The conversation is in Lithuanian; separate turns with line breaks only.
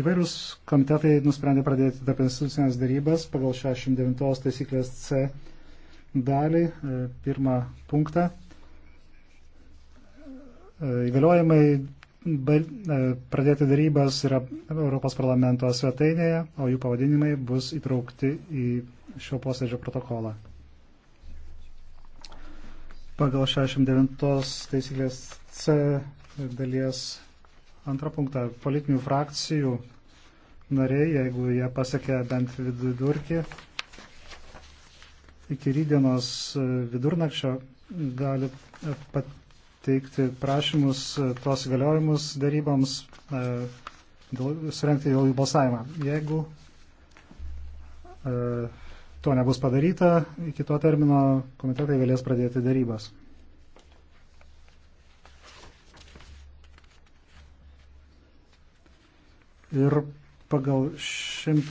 Įvairūs komitetai nusprendė pradėti tarp institucinės darybas pagal 69 taisyklės C dalį, e, pirmą punktą. E, įgaliojimai e, pradėti darybas yra Europos parlamento svetainėje, o jų pavadinimai bus įtraukti į šio posėdžio protokolą. Pagal 69 taisyklės C dalies Antrą punktą. Politinių frakcijų nariai, jeigu jie pasiekia bent vidurkį, iki rydienos vidurnakčio gali pateikti prašymus tuos galiojimus daryboms e, surenkti jau į balsavimą. Jeigu e, to nebus padaryta, iki to termino komitetai galės pradėti darybas.
ir pagal 100.